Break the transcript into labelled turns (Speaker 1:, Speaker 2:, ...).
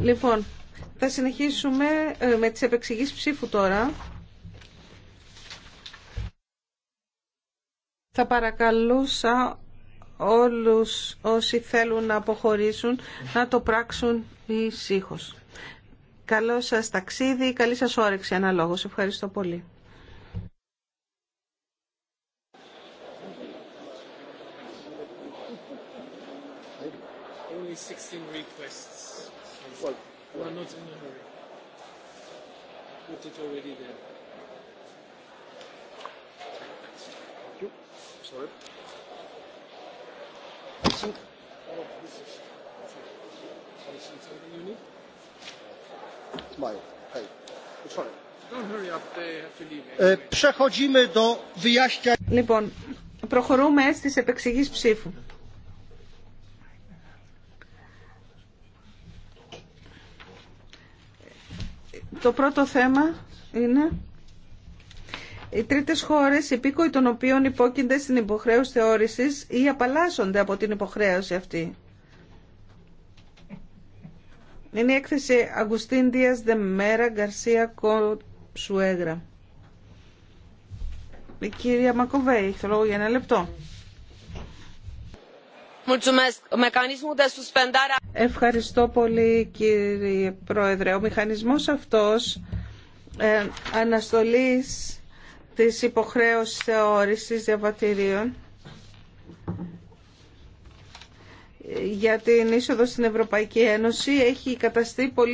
Speaker 1: Λοιπόν, θα συνεχίσουμε ε, με τις επεξηγήσεις ψήφου τώρα. Θα παρακαλούσα όλους όσοι θέλουν να αποχωρήσουν να το πράξουν ησύχως. Καλό σας ταξίδι, καλή σας όρεξη αναλόγως. Ευχαριστώ πολύ only 16 requests. Well, we are not in a hurry. Put it already there. Thank you. Sorry. I think all of this is something you need. It's my pay. Sorry. Don't hurry up. They Λοιπόν, προχωρούμε στις επεξηγήσεις ψήφου. Το πρώτο θέμα είναι οι τρίτες χώρες υπήκοοι των οποίων υπόκεινται στην υποχρέωση θεώρησης ή απαλλάσσονται από την υποχρέωση αυτή. Είναι η έκθεση Αγκουστίν Δίας Δεμέρα Γκαρσία Κοσουέγρα. Η κυρία Μακοβέη, κυρια μακοβεη θέλω για ένα λεπτό. Ευχαριστώ πολύ κύριε Πρόεδρε. Ο μηχανισμός αυτός ε, αναστολής της υποχρέωσης θεώρησης διαβατηρίων ε, για την είσοδο στην Ευρωπαϊκή Ένωση έχει καταστεί πολύ